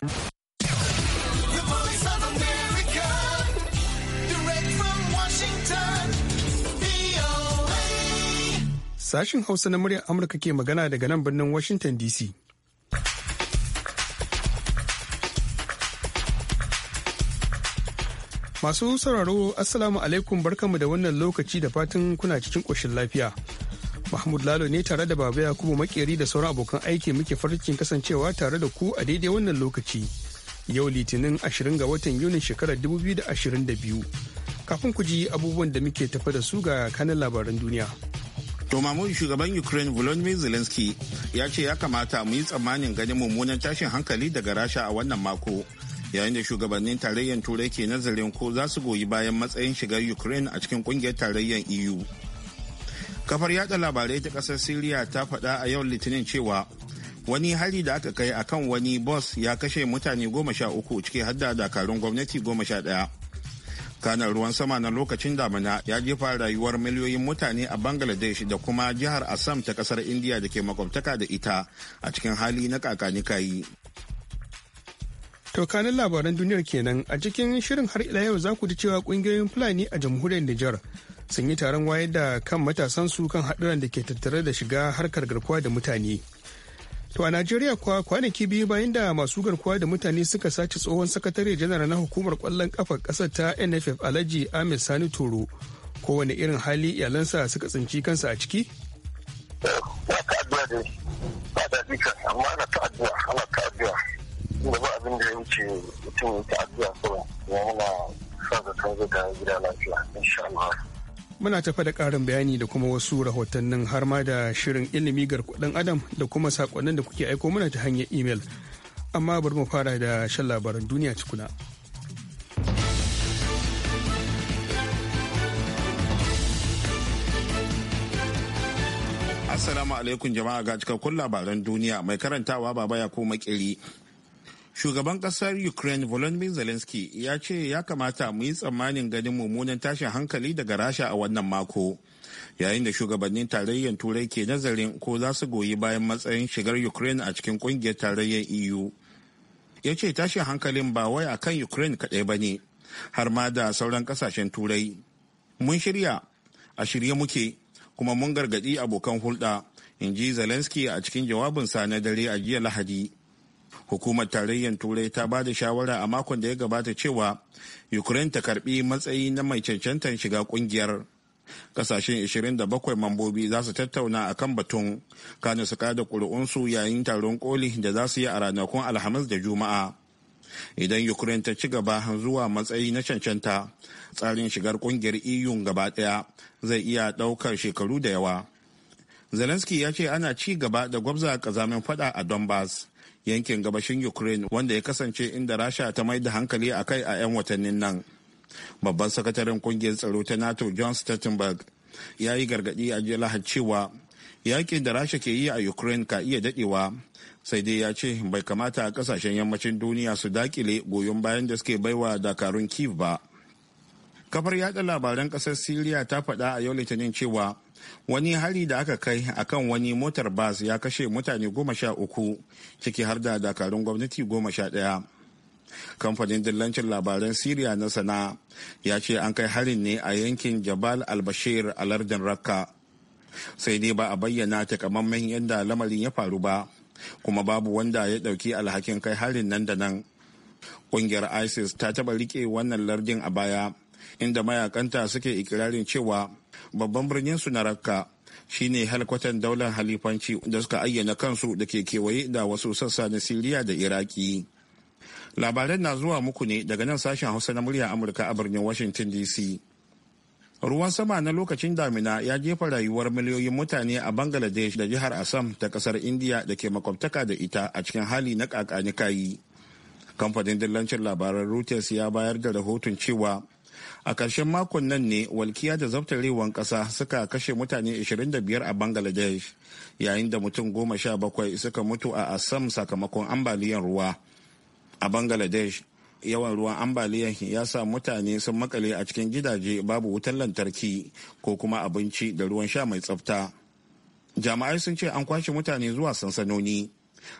Sashin Hausa na muryar Amurka ke magana daga nan birnin Washington DC. Masu sauraro, Assalamu alaikum barkanmu da wannan lokaci da fatan kuna cikin ƙoshin lafiya. Mahmud Lalo ne tare da Baba Yakubu Makeri da sauran abokan aiki muke farkin kasancewa tare da ku a daidai wannan lokaci. Yau Litinin 20 ga watan Yunin shekarar 2022. Kafin ku ji abubuwan da muke tafa da su ga kanin labaran duniya. To mamun shugaban Ukraine Volodymyr Zelensky ya ce ya kamata mu yi tsammanin ganin mummunan tashin hankali daga Rasha a wannan mako. Yayin da shugabannin tarayyar Turai ke nazarin ko za su goyi bayan matsayin shigar Ukraine a cikin kungiyar tarayyar EU. kafar yada labarai ta kasar siriya ta faɗa a yau litinin cewa wani hari da aka kai akan wani bus ya kashe mutane goma sha uku ciki hadda dakarun gwamnati goma sha ɗaya kanar ruwan sama na lokacin damina ya jefa rayuwar miliyoyin mutane a bangladesh da kuma jihar assam ta kasar india da ke makwabtaka da ita a cikin hali na kakanikayi tokanin labaran duniyar kenan a cikin shirin har ila yau za ku ji cewa kungiyoyin fulani a jamhuriyar niger sun yi taron wayar da kan matasansu kan haɗuran da ke tattare da shiga harkar garkuwa da mutane. To a Najeriya kuwa kwanaki biyu bayan da masu garkuwa da mutane suka sace tsohon sakatare janar na hukumar kwallon kafar ƙasar ta NFF Alhaji Ahmed Sani Toro kowane irin hali iyalansa suka tsinci kansa a ciki? amma ana ana ba abin da ya wuce mutum ya ta'addu'a kawai ya muna sa zaton zai gida lafiya insha Allah Muna tafa da ƙarin bayani da kuma wasu rahotannin har ma da shirin ilimi garkuɗan adam da kuma saƙonnin da kuke aiko mana ta hanyar imel. Amma bari mu fara da shan labaran duniya cikuna. Assalamu alaikum jama'a ga cikakkun labaran duniya mai karantawa baba ya ko makiri shugaban kasar ukraine volodymyr zelensky ya ce ya kamata mu yi tsammanin ganin mummunan tashin hankali daga rasha a wannan mako yayin da shugabannin tarayyar turai ke nazarin ko za su goyi bayan matsayin shigar ukraine a cikin kungiyar tarayyar eu ya ce tashin hankalin ba wai akan ukraine kaɗai ba ne har ma da sauran kasashen turai mun shirya a shirye muke kuma mun gargaɗi abokan hulɗa in ji zelensky a cikin jawabinsa na dare a jiya lahadi hukumar tarayyar turai ta ba da shawara a makon da ya gabata cewa ukraine ta karbi matsayi na mai cancantar shiga kungiyar kasashen 27 mambobi za su tattauna a kan batun kanu su kada kuri'unsu yayin taron koli da za su yi a ranakun alhamis da juma'a idan ukraine ta ci gaba zuwa matsayi na cancanta tsarin shigar kungiyar eu gaba daya zai iya daukar shekaru da yawa zelensky ya ce ana ci gaba da gwabza kazamin fada a donbass yankin gabashin ukraine wanda ya kasance inda rasha ta mai da hankali a kai a 'yan watannin nan babban sakataren kungiyar tsaro ta nato john stettenberg ya yi gargadi a jiya lahar cewa yakin da rasha ke yi a ukraine ka iya dadewa sai dai ya ce bai kamata a kasashen yammacin duniya su dakile goyon bayan da suke baiwa dakarun kiev ba kafar yada labaran kasar syria ta faɗa a yau litinin cewa wani hari da aka kai akan wani motar bas ya kashe mutane goma sha uku ciki har da dakarun gwamnati goma sha ɗaya kamfanin dillancin labaran syria na sana ya ce an kai harin ne a yankin jabal al-bashir a lardin rakka sai dai ba a bayyana takamaiman yadda lamarin ya faru ba kuma babu wanda ya dauki alhakin kai harin nan da nan kungiyar isis ta taba rike wannan lardin a baya inda mayakanta suke ikirarin cewa babban birnin su na rakka shine halkwatan daular halifanci da suka ayyana kansu da ke kewaye da wasu sassa na siriya da iraki labaran na zuwa muku ne daga nan sashen hausa na murya amurka a birnin washington dc ruwan sama na lokacin damina ya jefa rayuwar miliyoyin mutane a bangladesh da jihar assam ta kasar india da ke makwabtaka da ita a cikin hali na kakanikayi kamfanin dillancin labaran reuters ya bayar da rahoton cewa a ƙarshen makon nan ne walkiya da riwon ƙasa suka kashe mutane 25 a bangladesh yayin da mutum goma sha bakwai suka mutu a assam sakamakon ambaliyar ruwa a bangladesh yawan ruwan ambaliyar ya sa mutane sun makale a cikin gidaje babu wutan lantarki ko kuma abinci da ruwan sha mai tsafta jama'ai sun ce an kwashe mutane zuwa sansanoni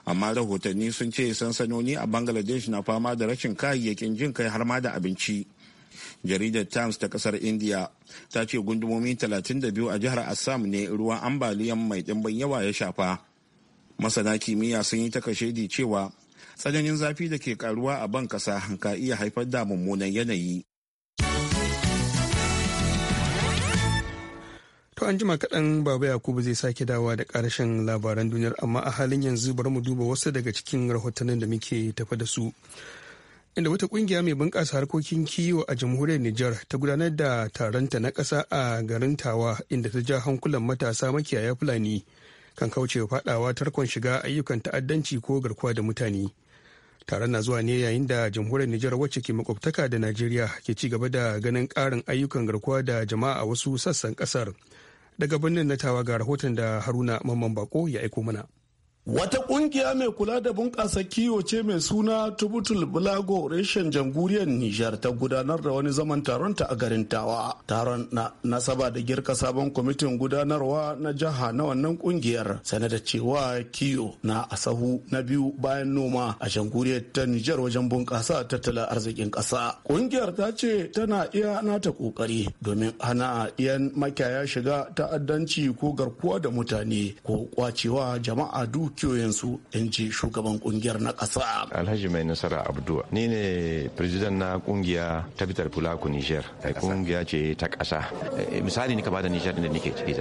amma rahotanni sun ce sansanoni a bangladesh na fama da rashin kayayyakin jin kai har ma da abinci jaridar times ta kasar india ta ce gundumomi 32 a jihar assam ne ruwan ambaliyan mai ɗimbin yawa ya shafa masana kimiyya sun yi takashedi cewa tsananin zafi da ke karuwa a ban kasa ka iya haifar da mummunan yanayi To an jima kaɗan Baba Yakubu zai sake dawa da ƙarshen labaran duniyar amma a halin yanzu bari mu duba wasu daga cikin rahotannin da muke tafa da su. inda wata kungiya mai bunƙasa harkokin kiwo a jamhuriyar Nijar ta gudanar da taronta na ƙasa a garin Tawa inda ta ja hankulan matasa makiyaya Fulani kan kaucewa fadawa tarkon shiga ayyukan ta'addanci ko garkuwa da mutane. Taron na zuwa ne yayin da jamhuriyar Nijar wacce ke makwabtaka da Najeriya ke ci gaba da ganin ƙarin ayyukan garkuwa da jama'a a wasu sassan kasar Daga birnin na Tawa ga rahoton da Haruna Mamman Bako ya aiko mana. Wata kungiya mai kula da bunƙasa kiwo ce mai suna Tubutul Bulago reshen jamhuriyar Nijar ta gudanar da wani zaman taron ta a garin Tawa. Taron na nasaba da girka sabon kwamitin gudanarwa na jiha na wannan kungiyar da cewa kiwo na asahu na biyu bayan noma a jamhuriyar ta Nijar wajen bunƙasa tattalin arzikin ƙasa. Kungiyar ta ce tana iya nata kokari domin hana yan makiyaya shiga ta'addanci ko garkuwa da mutane ko kwacewa jama'a duk dukiyoyinsu in ji shugaban kungiyar na ƙasa. Alhaji Mai Nasara Abdua ni ne president na kungiya ta Bitar Fulaku Niger. Kungiya ce ta ƙasa. Eh, misali ni ka bada Niger da nake ciki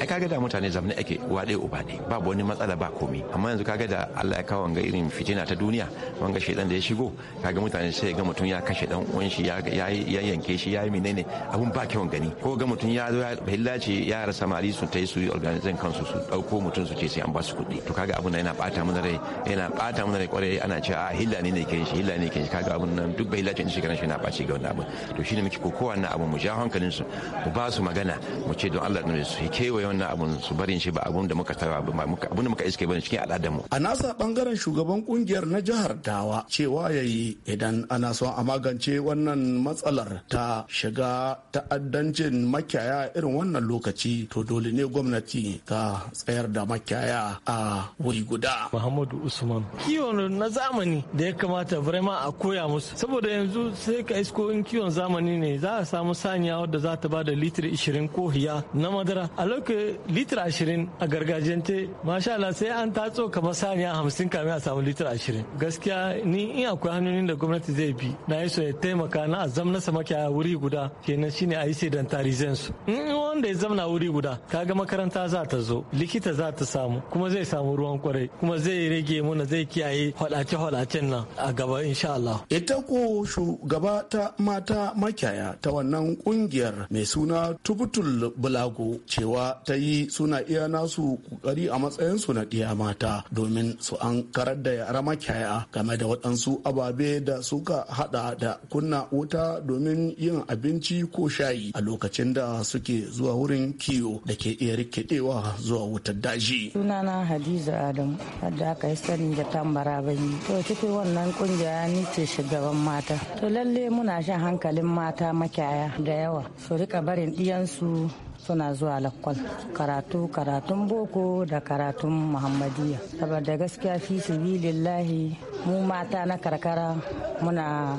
ai kaga da mutane zamani ake waɗe uba ne babu wani matsala ba komi amma yanzu kaga da Allah ya kawo wanga irin fitina ta duniya wanga shedan da ya shigo kaga mutane sai ga mutum ya kashe dan uwan shi ya yanke shi ya yi menene abun ba kyau gani ko ga mutum ya zo ya ce ya samari sun ta yi su organizing kansu su dauko mutum su ce sai an ba su kuɗi to kaga abun nan yana bata mana rai yana bata mana rai kwarai ana cewa a ah, hilla ne ne ke shi hilla ne ke shi kaga abun nan duk bai lacin shi kana shi na shi ga wannan abun to shine muke kokowa na abun mu ja hankalin su mu ba su magana mu ce don Allah ne su kewaye wai wannan abun su barin shi ba abun da muka tara abun da muka iske bane cikin mu a nasa bangaren shugaban kungiyar na jihar dawa cewa yayi idan ana son a magance wannan matsalar ta shiga ta'addancin makiyaya irin wannan lokaci to dole ne gwamnati ta tsayar da makiyaya a wuri guda muhammadu usman kiwon na zamani da ya kamata vraiment a koya musu saboda yanzu sai ka isko in kiwon zamani ne za a samu saniya wadda za ta ba da litiri 20 ko hiya na madara a lokacin suke litir ashirin a gargajiyance masha Allah sai an tatso kamar saniya hamsin kamin a samu litir ashirin gaskiya ni in akwai hanyoyin da gwamnati zai bi na yi so ya taimaka na azam na a wuri guda kenan shine a yi tarizan su in wanda ya zamna wuri guda ka ga makaranta za ta zo likita za ta samu kuma zai samu ruwan kwarai kuma zai rage mana zai kiyaye hwalace hwalacen nan a gaba insha Allah ita ko shugaba ta mata makiyaya ta wannan kungiyar mai suna tubutul bulago cewa ta yi suna iya nasu kokari a matsayinsu na ɗiya mata domin su an karar da yara makiyaya game da waɗansu ababe da suka haɗa da kunna wuta domin yin abinci ko shayi a lokacin da suke zuwa wurin kiwo da ke iya rikidewa zuwa wutar daji. Sunana Hadiza Adamu wadda aka yi sani da tambara yi To cikin wannan kungiya ni ce shugaban mata. To lalle muna shan hankalin mata makiyaya da yawa su rika barin ɗiyansu suna zuwa lakwal karatu karatun boko da karatun muhammadiya saboda gaskiya fi sibilillahi mu mata na karkara muna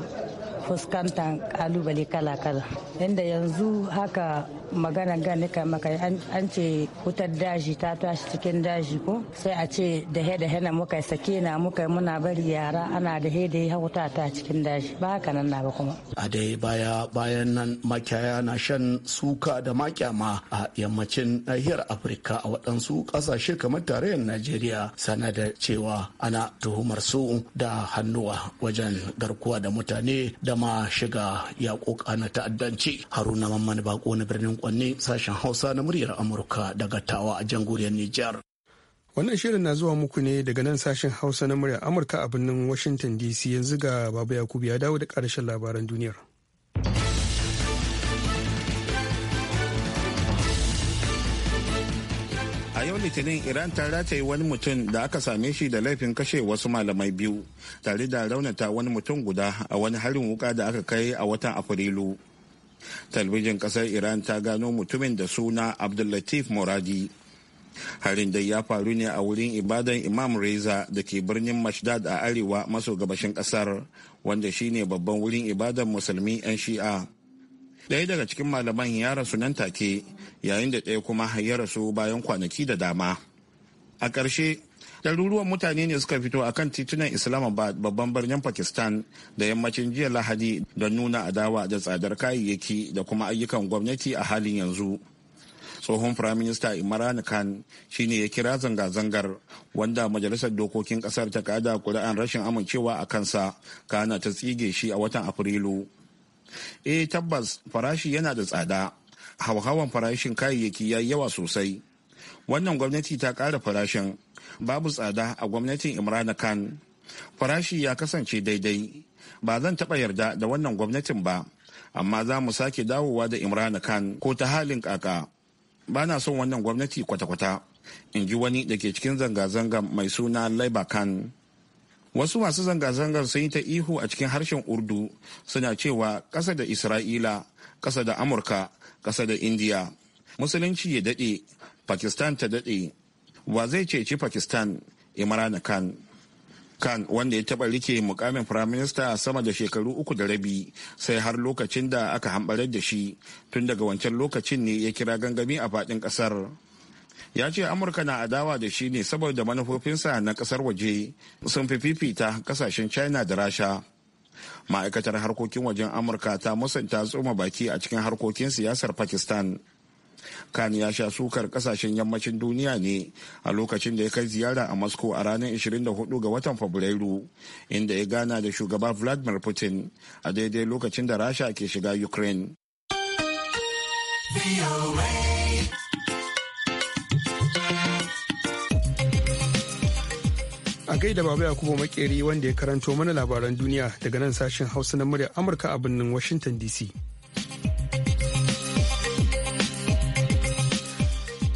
fuskantar kalubale kala-kala inda yanzu haka magana gani maka an ce wutar daji ta tashi cikin daji ko sai a ce da he da hena muka sake na muka muna bari yara ana da he da ya wuta ta cikin daji ba haka nan na ba kuma a dai baya bayan nan makiyaya na shan suka da makyama a yammacin nahiyar afirka a waɗansu ƙasashe kamar tarayyar najeriya sana da cewa ana tuhumar su da hannuwa wajen garkuwa da mutane da zama shiga ya yaƙoƙa na ta'addanci haruna mamman bako na birnin kwanne sashen hausa na muryar amurka daga tawa a jamhuriyar nijar wannan shirin na zuwa muku ne daga nan sashen hausa na muryar amurka a birnin washington dc yanzu ga babu yakubu ya dawo da karshen labaran duniyar litinin iran ta rataye wani mutum da aka same shi da laifin kashe wasu malamai biyu tare da raunata wani mutum guda a wani harin wuka da aka kai a watan afrilu talbijin kasar iran ta gano mutumin da suna abdullatif moradi harin dai ya faru ne a wurin ibadan imam reza da ke birnin mashdad a arewa maso gabashin kasar wanda shine babban wurin ibadan musulmi 'yan shi'a ɗaya daga cikin malaman ya rasu nan take yayin da ɗaya kuma ya rasu bayan kwanaki da dama a ƙarshe ɗaruruwan mutane ne suka fito a kan titunan islamabad babban birnin pakistan da yammacin jiya lahadi don nuna adawa da tsadar kayayyaki da kuma ayyukan gwamnati a halin yanzu tsohon firaminista imran khan shine ya kira zanga-zangar wanda majalisar dokokin kasar ta kada kuri'an rashin amincewa a kansa kana ta tsige shi a watan afrilu eh tabbas farashi yana da tsada hauhawan farashin kayayyaki ya yi yawa sosai wannan gwamnati ta ƙara farashin babu tsada a gwamnatin imran khan farashi ya kasance daidai ba zan taɓa yarda da wannan gwamnatin ba amma za mu sake dawowa da imran khan ko ta halin kaka ba na son wannan gwamnati kwata-kwata in ji wani da ke cikin zanga zanga mai suna laiba khan wasu masu zanga-zangar sun yi ta ihu a cikin harshen urdu suna cewa ƙasa da isra'ila ƙasa da amurka ƙasa da indiya musulunci ya daɗe pakistan ta daɗe wa zai ceci pakistan imran khan khan wanda ya taɓa rike mukamin prime minister sama da shekaru uku da rabi sai har lokacin da aka hambarar da shi tun daga wancan lokacin ne ya kira gangami a faɗin ƙasar ya ce amurka na adawa da shi ne saboda manufofinsa na kasar waje sun fi fifita kasashen china da rasha ma'aikatar harkokin wajen amurka ta musanta tsoma baki a cikin harkokin siyasar pakistan kan ya sha sukar kasashen yammacin duniya ne a lokacin da ya kai ziyara a moscow a ranar 24 ga watan fabrairu inda ya gana da shugaba vladimir putin a daidai lokacin da rasha ke shiga ukraine A gaida Baba Yakubu Makeri wanda ya karanto mana labaran duniya daga nan sashen Hausa na muryar Amurka a birnin Washington DC.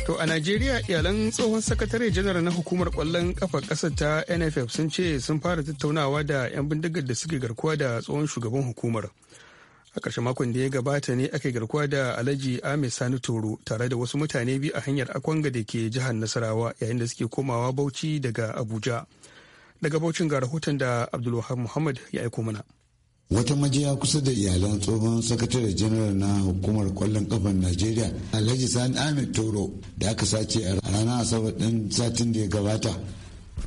To a Najeriya iyalan tsohon sakatare janar na hukumar kwallon kafar ƙasar ta NFF sun ce sun fara tattaunawa da 'yan bindigar da suke garkuwa da tsohon shugaban hukumar. A ƙarshen makon da ya gabata ne aka garkuwa da Alhaji Ahmed Sani Toro tare da wasu mutane biyu a hanyar Akwanga da ke jihar Nasarawa yayin da suke komawa Bauchi daga Abuja. daga Baucin ga rahoton da Abdulwahab Muhammad ya aiko mana. wata majiya kusa da iyalan tsohon sakatare janar na hukumar kwallon kafan najeriya alhaji sani ahmed toro da aka sace a ranar asabar ɗin satin da ya gabata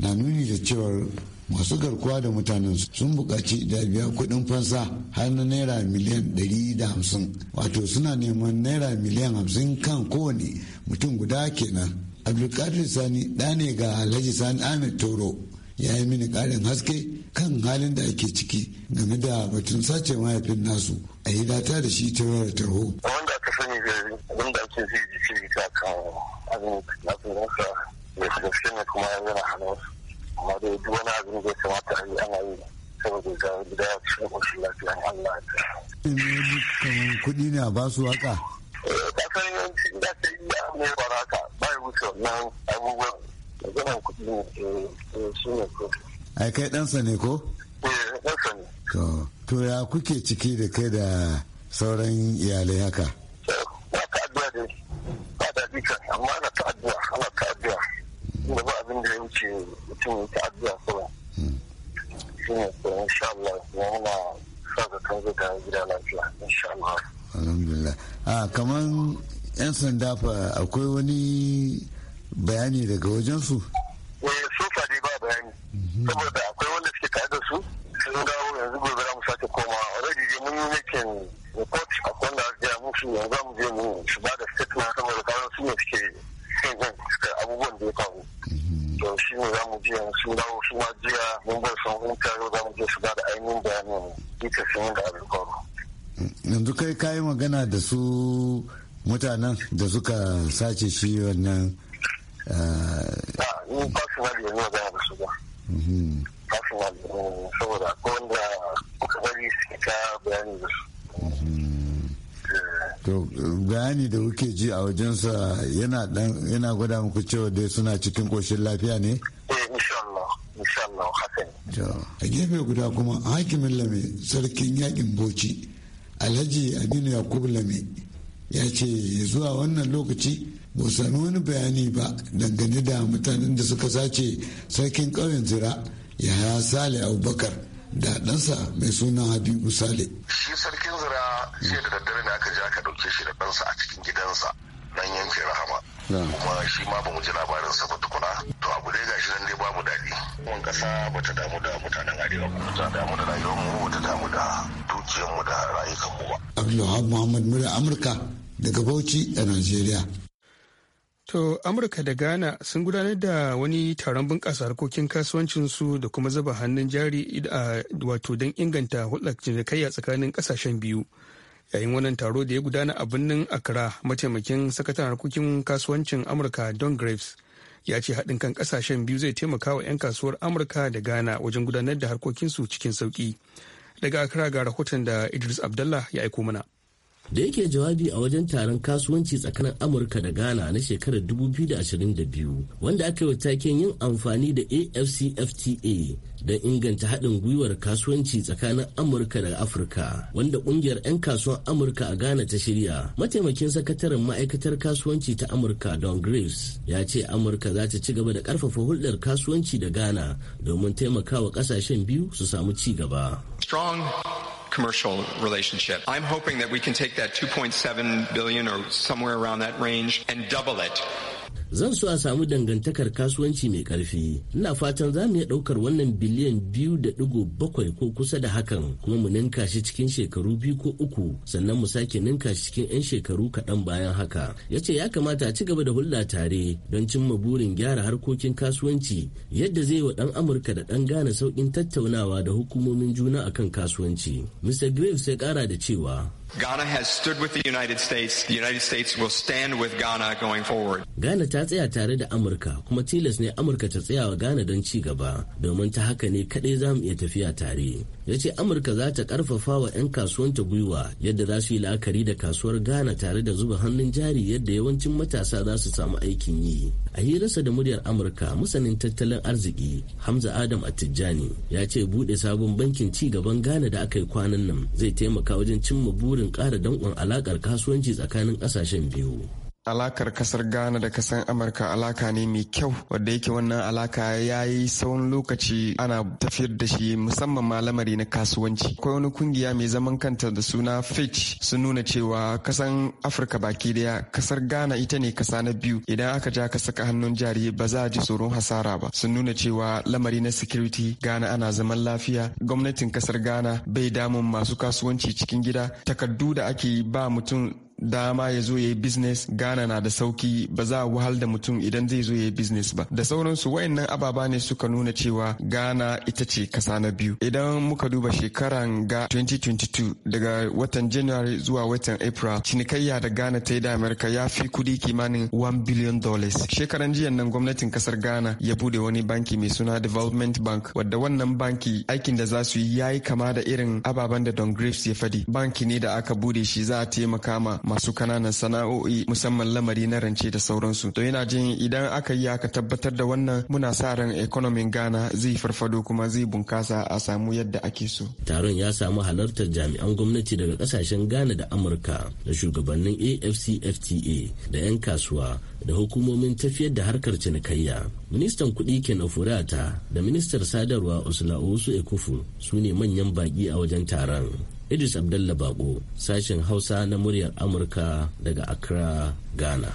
na nuni da cewar masu garkuwa da mutanen sun buƙaci da biya kuɗin fansa har na naira miliyan 150 wato suna neman naira miliyan 50 kan kowane mutum guda kenan abdulkadir sani ɗa ne ga alhaji sani ahmed toro ya yi mini karin haske kan halin da ake ciki game da batun sace mahaifin nasu a yi data da shi ta wayar tarho. Wanda aka sani da abin da ake zai ji shi ta kan abin na da su gaske ne kuma yana hannun amma dai duk wani abin da ya kamata a yi ana yi saboda ga gida ya ci ƙoshin lafiya Allah ta. Kamar kuɗi ne a su haka? Eh, Kasan yawanci da ta yi a Ba baraka ba ya wuce wannan abubuwan da zaman kuɗi ne eh, ne ko ai kai ɗansa ne ko eh, ɗansa ne to to ya kuke ciki da kai da sauran iyalai haka making report a akwai da ya musu yanzu mu je mu su ba da statement saboda kawai su ne suke sai abubuwan da ya faru to shi ne za mu je sun dawo su ma jiya mun bar sun huta yau za mu je su ba da ainihin bayanin ita sun da abin faru. yanzu kai kayi magana da su mutanen da suka sace shi wannan. ba eh, ni personally yanzu magana da su ba. Mhm. yana dan yana gwada muku cewa dai suna cikin koshin lafiya ne eh, a gefe guda kuma hakimin lame sarkin yakin boci alhaji aminu yakubu lame ya ce zuwa wannan lokaci ba sami wani bayani ba dangane da mutanen da suka sace sarkin ƙauyen zira ya yahaya sale abubakar da ɗansa mai suna habibu sale shi sarkin zira shi da daddare ne aka je aka ɗauke shi da ɗansa a cikin gidansa dan yankin rahama kuma shi ma bamu ji labarin sa ba tukuna to abu dai gashi nan dai babu daɗi kuma kasa bata damu da mutanen arewa ba ta damu da rayuwar mu ta damu da dukiyar da rayukan mu ba Abdulwahab Muhammad mura Amurka daga Bauchi a Najeriya To Amurka da Ghana sun gudanar da wani taron bunƙasa harkokin kasuwancinsu da kuma zuba hannun jari wato don inganta hulɗar cinikayya tsakanin ƙasashen biyu. yayin wannan taro da ya gudana a birnin accra mataimakin sakataren harkokin kasuwancin amurka don graves ya ce haɗin kan ƙasashen biyu zai taimaka wa 'yan kasuwar amurka da ghana wajen gudanar da harkokinsu cikin sauƙi daga accra ga rahoton da idris abdallah ya aiko mana da yake jawabi a wajen taron kasuwanci tsakanin amurka da ghana na shekarar 2022 wanda aka yi taken yin amfani da afcfta don inganta haɗin gwiwar kasuwanci tsakanin amurka da afirka wanda ƙungiyar 'yan kasuwan amurka a ghana ta shirya mataimakin sakataren ma'aikatar kasuwanci ta amurka don graves ya ce amurka za ta ci gaba da ƙarfafa hulɗar kasuwanci da ghana domin taimakawa ƙasashen biyu su samu ci gaba commercial relationship. I'm hoping that we can take that 2.7 billion or somewhere around that range and double it zan so a samu dangantakar kasuwanci mai karfi ina fatan za mu iya ɗaukar wannan biliyan biyu da digo bakwai ko kusa da hakan kuma mu ninka shi cikin shekaru biyu ko uku sannan mu sake ninka shi cikin 'yan shekaru kaɗan bayan haka ya ce ya kamata a ci gaba da hulɗa tare don cimma burin gyara harkokin kasuwanci yadda zai wa ɗan amurka da ɗan gane sauƙin tattaunawa da hukumomin juna akan kasuwanci mr graves ya ƙara da cewa Ghana has stood with the United States. The United States will stand with Ghana going forward. Ghana ta tsaya tare da Amurka kuma tilas ne Amurka ta tsaya wa Ghana don ci gaba domin ta haka ne kaɗai za mu iya tafiya tare. Ya ce Amurka za ta ƙarfafa wa 'yan kasuwanta gwiwa yadda za su yi la'akari da kasuwar Ghana tare da zuba hannun jari yadda yawancin matasa za su samu aikin yi. A hirarsa da muryar Amurka masanin tattalin arziki Hamza Adam Atijani ya ce buɗe sabon bankin ci gaban Ghana da aka yi kwanan nan zai taimaka wajen cimma burin burin ƙara danƙon alaƙar kasuwanci tsakanin ƙasashen biyu alakar kasar ghana da kasar amurka alaka ne mai kyau wadda yake wannan alaka ya yi tsawon lokaci ana tafiyar da shi musamman ma lamari na kasuwanci akwai wani kungiya mai zaman kanta da suna fitch sun nuna cewa kasan afirka baki daya kasar ghana ita ne kasa na biyu idan aka ja ka saka hannun jari ba za a ji tsoron hasara ba sun nuna cewa lamari na security ghana ana zaman lafiya gwamnatin kasar ghana bai damun masu kasuwanci cikin gida takardu da ake ba mutum dama ya zo ya yi business ghana na da sauki ba za a wahal da mutum idan zai zo ya yi business ba da sauransu wayannan ababa ne suka nuna cewa ghana ita ce kasa na biyu idan muka duba shekaran ga 2022 daga watan january zuwa watan april cinikayya da ghana ta yi da america ya fi kudi kimanin 1 billion dollars shekaran jiya nan gwamnatin kasar ghana ya bude wani banki mai suna development bank wadda wannan banki aikin da za su yi ya yi kama da irin ababen da don graves ya fadi banki ne da aka bude shi za a taimaka ma masu kananan sana'o'i musamman lamari na rance da sauransu to yana jin idan aka yi aka tabbatar da wannan muna sa ran ekonomin ghana zai farfado kuma zai bunkasa a samu yadda ake so taron ya samu halartar jami'an gwamnati daga kasashen ghana da amurka da shugabannin afcfta da 'yan kasuwa da hukumomin tafiyar da harkar cinikayya ministan kuɗi kenan furata da ministar sadarwa osula osu ekufu su ne manyan baƙi a wajen taron Idris Abdallah Bago sashen Hausa na muryar Amurka daga Accra, Ghana.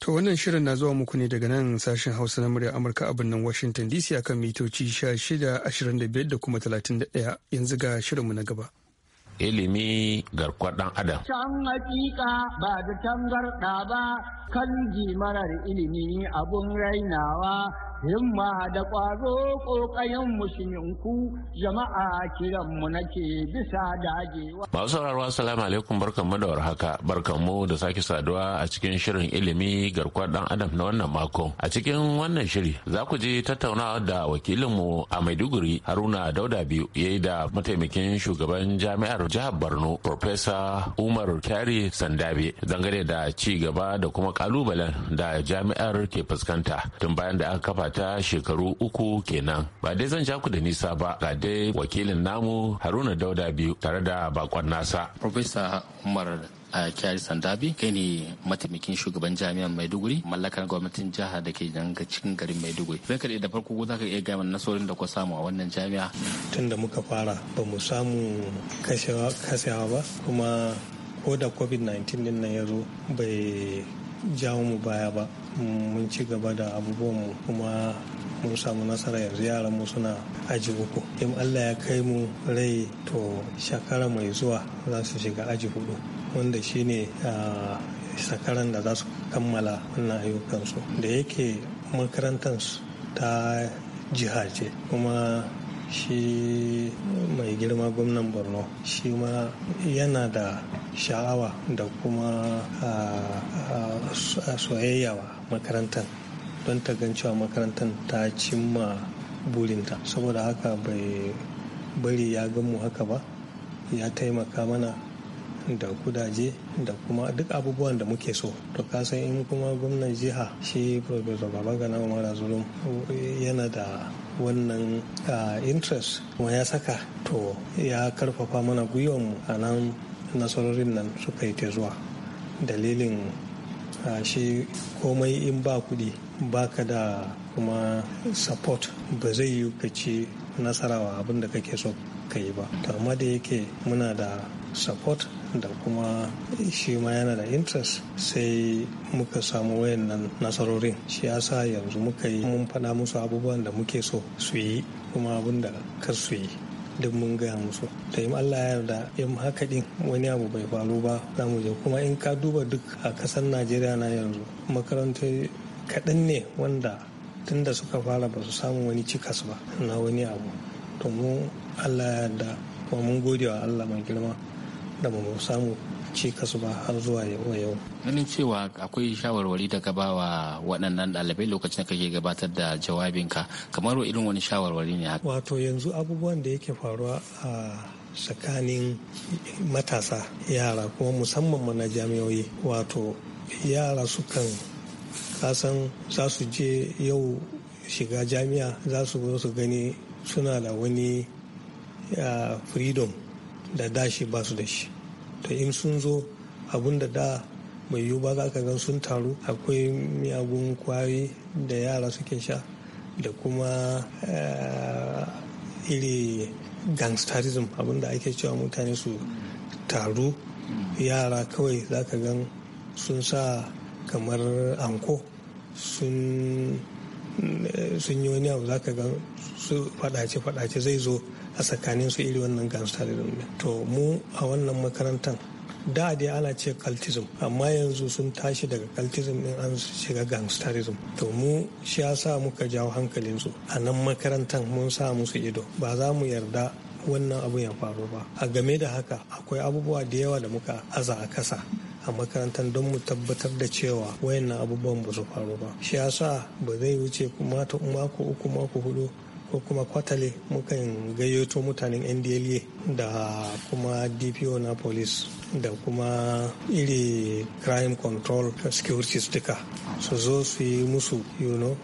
To wannan shirin na zuwa muku ne daga nan sashin Hausa na muryar Amurka a birnin Washington DC akan mitoci 1625 da kuma 31 yanzu ga shirinmu na gaba. Ilimi garkuwar ɗan Adam. Can hakika ba da tangarɗa ba kanji mana da ilimi abun rainawa himma da ƙwaro ƙoƙayen musulunku jama'a kiranmu nake bisa dagewa. Masu sauraro assalamu alaikum barkanmu da warhaka barkanmu da sake saduwa a cikin shirin ilimi garkuwar dan adam na wannan mako. A cikin wannan shiri za ku ji tattaunawa da wakilinmu a Maiduguri Haruna Dauda biyu ya da mataimakin shugaban jami'ar jihar Borno Profesa Umar Kyari Sandabe dangane da ci gaba da kuma kalubalen da jami'ar ke fuskanta tun bayan da aka kafa ta shekaru uku kenan ba dai zan ja ku da nisa ba ga dai wakilin namu haruna dauda biyu tare da bakon nasa professor umar a uh, kyari sandabi kai ne mataimakin shugaban jami'an maiduguri mallakar gwamnatin jihar da ke janga cikin garin maiduguri zai kaɗai da farko za ka iya gaya mana da ku samu a wannan jami'a tun da muka fara ba mu samu kasewa ba kuma ko da covid-19 din nan ya zo bai jawo mu baya ba mun ci gaba da abubuwan mu kuma mun samu nasara yanzu yaran mu suna aji uku in allah ya kai mu rai to shekara mai zuwa za su shiga aji hudu wanda shine sakaran da za su kammala wannan ayyukansu da yake makarantar ta jiha ce kuma shi mai girma gwamnan borno shi ma yana da sha'awa da kuma soyayya wa makarantar don ta gan cewa makarantar ta cimma burinta saboda haka bai bari ya mu haka ba ya taimaka mana da kudaje da kuma duk abubuwan da muke so to kasan in kuma gwamnan jiha shi professor babagana mara zulum yana da wannan interest kuma ya saka to ya karfafa mana gwiwanmu a nan nasarorin nan suka yi ta zuwa dalilin a shi komai in ba kuɗi baka da kuma support ba zai yi ka ci wa abin da kake so ka yi ba to amma da yake muna da support da kuma shi ma yana da interest sai muka samu wayannan nasarorin shi yasa yanzu muka yi mun faɗa musu abubuwan da muke so su yi kuma abin da kar su yi duk mun gaya musu da yin allah ya yarda yin haka din wani abu bai faru ba za mu je kuma in ka duba duk a kasar najeriya na yanzu makarantar kaɗan ne wanda tun da suka fara ba su samu wani cikas ba na wani abu to mu allah ya yarda kuma mun gode wa allah mai girma da mu samu kasu ba har zuwa yau. Ganin cewa akwai shawarwari da ka bawa waɗannan ɗalibai lokacin da kake gabatar da jawabinka kamar irin wani shawarwari ne haka. Wato yanzu abubuwan da yake faruwa a tsakanin matasa yara kuma musamman mana jami'oyi wato yara sukan kasan za su je yau shiga jami'a za su zo su gani suna da wani ah, freedom da dashi ba su da shi da in sun zo abun da da mai ba za ka gan sun taru akwai miyagun kwayoyi da yara suke sha da kuma eh, iri gangsterism abun da ake cewa mutane su taru yara kawai za ka gan sun sa kamar anko sun eh, yi wani abu za ka gan su fadace-fadace zai zo a tsakanin su iri wannan gansarin to mu a wannan makarantar da dai ana ce cultism amma yanzu sun tashi daga cultism din an shiga gangsterism to mu shi ya sa muka jawo hankalinsu a nan makarantar mun sa musu ido ba za mu yarda wannan abu ya faru ba a game da haka akwai abubuwa da yawa da muka aza a kasa a makarantar don mu tabbatar da cewa wayannan abubuwan ba su faru ba shi ya sa ba zai wuce mako uku mako hudu ko kuma kwatale mukan gayyato mutanen ndla da kuma dpo na police da kuma iri crime control security duka su zo su yi musu you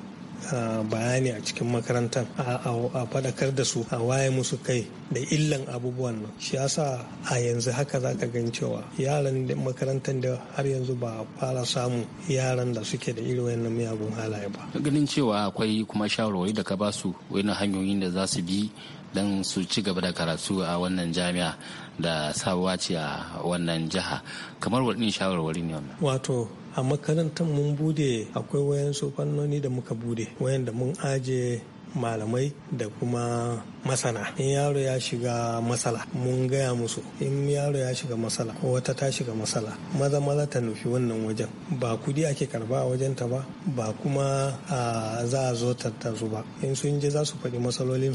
bayani a cikin makarantar a faɗakar da su a waye musu kai da illan abubuwan nan shi yasa a yanzu haka za ka gan cewa yaran da makarantar da har yanzu ba fara samu yaran da suke da irin wannan miyagun halaye ba ganin cewa akwai kuma shawarwari da ka basu wani hanyoyin da za su bi don su ci gaba da karatu a wannan jami'a da sabuwa ce a wannan jiha kamar waɗannan shawarwari ne wannan wato a makarantar mun bude akwai wayansu fannoni da muka bude wayanda mun aje malamai da kuma masana in yaro ya shiga matsala mun gaya musu in yaro ya shiga matsala ko wata ta shiga matsala maza maza ta nufi wannan wajen ba kudi ake karba a wajen ta ba ba kuma a za a zo tattazu ba in sun je za su faɗi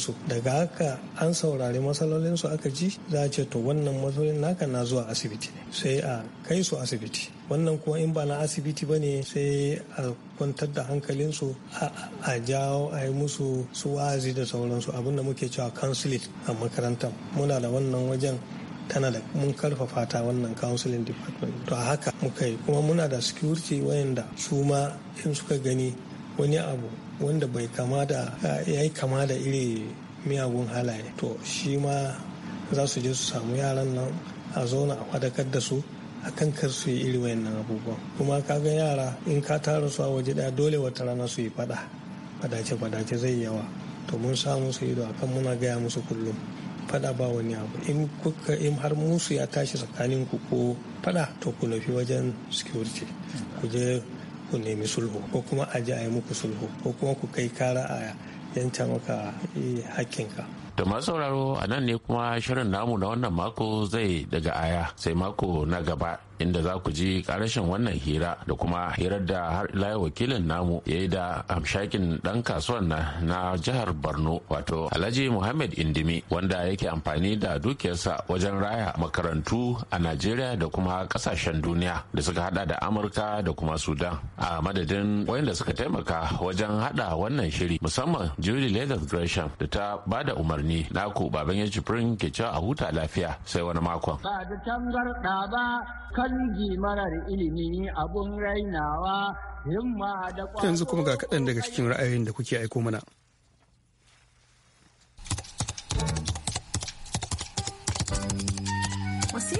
su daga haka an saurari matsalolinsu aka ji za a ce to wannan matsalolin naka na zuwa asibiti sai a kai su asibiti wannan kuma in ba na asibiti ba ne sai a kwantar da hankalinsu a jawo a yi musu su wazi da sauransu abinda da muke cewa consulate a makarantar muna da wannan wajen tana da mun karfafa ta wannan counseling department to a haka muka yi kuma muna da security wayanda su ma in suka gani wani abu wanda bai kama da ya yi kama da iri miyagun halaye to shi ma za su je su samu yaran nan a zauna a fadakar da su a kan kar su yi iri wayannan abubuwa kuma kaga yara in ka tara su a waje daya dole wata rana su yi fada fadace fadace zai yawa to mun sa musu ido kan muna gaya musu kullum fada ba wani abu in kuka in har musu ya tashi tsakanin ku ko fada to ku nufi wajen security ku je ku nemi sulhu ko kuma a ji a yi muku sulhu ko kuma ku kai kara a yanta maka eh, hakkinka da masu sauraro a nan ne kuma shirin namu na wannan mako zai daga aya sai mako na gaba inda za ku ji karashin wannan hira da kuma hirar da har ila wakilin namu ya yi da hamshakin dan kasuwan na, na jihar borno wato alhaji muhammad indimi wanda yake amfani da dukiyarsa wajen raya makarantu a najeriya da kuma kasashen duniya da suka hada da amurka da kuma sudan a madadin wayanda suka taimaka wajen hada wannan shiri musamman julie leather gresham da ta ba da umarni naku baban ya jibrin ke cewa a huta lafiya sai wani makon kangi marar ilimi abun rainawa himma da yanzu kuma ga kaɗan daga cikin ra'ayoyin da kuke aiko mana.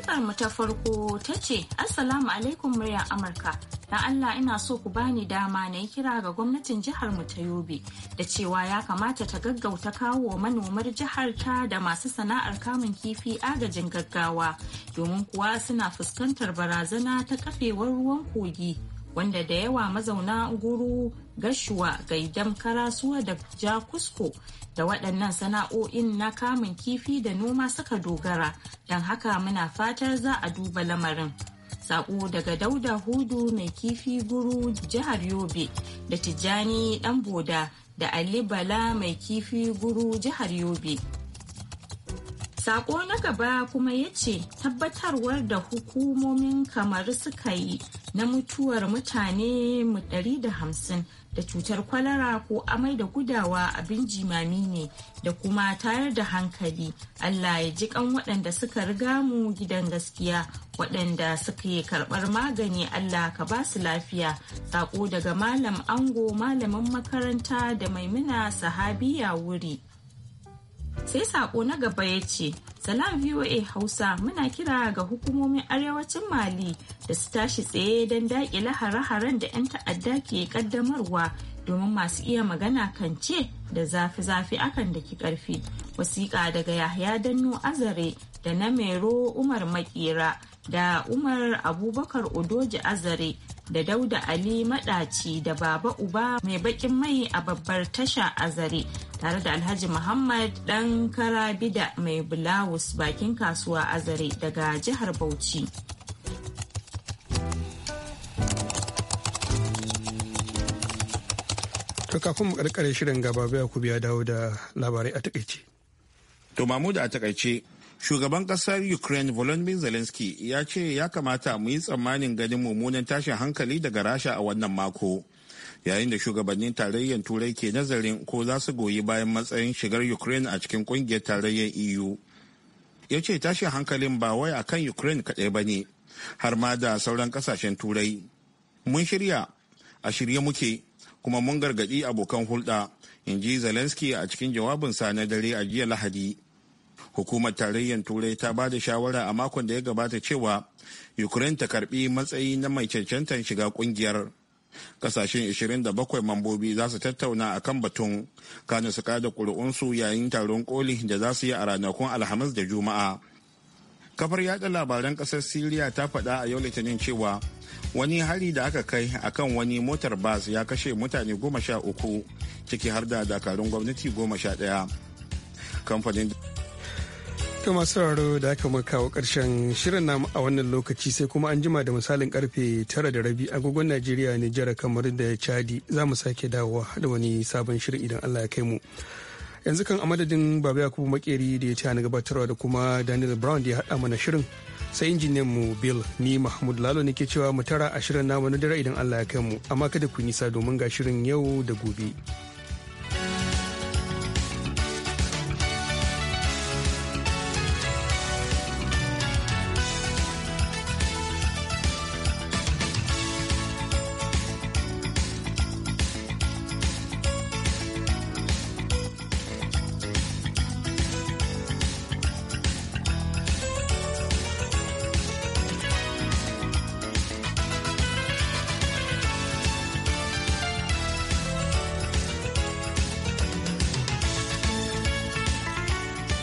Wasikar mu ta farko ta ce, Assalamu alaikum muryar Amurka. Na Allah ina so ku bani dama na yi kira ga gwamnatin jihar mu ta Yobe da cewa ya kamata ta gaggauta kawo manomar jihar ta da masu sana'ar kamun kifi agajin gaggawa domin kuwa suna fuskantar barazana ta kafewar ruwan kogi wanda da yawa mazauna guru gashuwa gaidam karasuwa da ja kusko da waɗannan sana'o'in na kamun kifi da noma suka dogara don haka muna fatar za a duba lamarin sako daga dauda hudu mai kifi guru jihar yobe da tijjani dan boda da ali bala mai kifi guru jihar yobe Sako na gaba kuma ya ce tabbatarwar da hukumomin kamar suka yi na mutuwar mutane 150 da cutar kwalara ko amai da gudawa abin jimami ne da kuma tayar da hankali Allah ya ji kan waɗanda suka riga mu gidan gaskiya waɗanda suke karɓar magani Allah ka ba su lafiya sako daga malam ango malamin makaranta da maimuna sahabiya wuri. sai sako na gaba ya ce salam voa hausa muna kira ga hukumomin arewacin mali da su tashi tsaye don daƙile hare-haren da 'yan ta'adda ke kaddamarwa domin masu iya magana kan ce da zafi-zafi akan da ki karfi wasiƙa daga yahaya danno azare da na mero umar makera da umar abubakar odoji azare da Dauda Ali Madaci da Baba Uba mai bakin mai a babbar tasha a zare tare da Alhaji Muhammad Dan Karabida mai bulawus bakin kasuwa a zare daga jihar Bauchi. To kafin mu karkare shirin gaba biya ku biya dawo da labarai a takaice. To Mahmud a takaice Shugaban kasar Ukraine Volodymyr Zelensky ya ce ya kamata mu yi tsammanin ganin mummunan tashin hankali daga Rasha a wannan mako. Yayin da shugabannin tarayyar Turai ke nazarin ko za su goyi bayan matsayin shigar Ukraine a cikin kungiyar tarayyar EU. Ya ce tashin hankalin ba wai a kan Ukraine kaɗai ba ne, har ma da sauran kasashen Turai. Mun shirya, a shirye muke, kuma mun gargaɗi abokan hulɗa, in ji Zelensky a cikin jawabinsa na dare a jiya Lahadi. hukumar tarayyar turai ta ba da shawara a makon da ya gabata cewa ukraine ta karbi matsayi na mai cancantar shiga kungiyar kasashen 27 mambobi za su tattauna a kan batun kana su kada kuri'unsu yayin taron koli da za su yi a ranakun alhamis da juma'a kafar yada labaran kasar siriya ta faɗa a yau litinin cewa wani hari da aka kai akan wani motar bas ya kashe mutane goma sha uku ciki har da dakarun gwamnati goma sha ɗaya kamfanin haka masu raro da aka kawo karshen shirin namu a wannan lokaci sai kuma an jima da misalin karfe tara da rabi agogon Najeriya Nijar kamar da Chadi za mu sake dawowa da wani sabon shirin idan Allah ya kai mu. Yanzu kan a madadin Baba Yakubu Makeri da ya ci na gabatarwa da kuma Daniel Brown da ya haɗa mana shirin sai injiniyan mu Bill ni Mahmud Lalo ne ke cewa mu tara a shirin namu na dare idan Allah ya kai mu amma kada ku nisa domin ga shirin yau da gobe.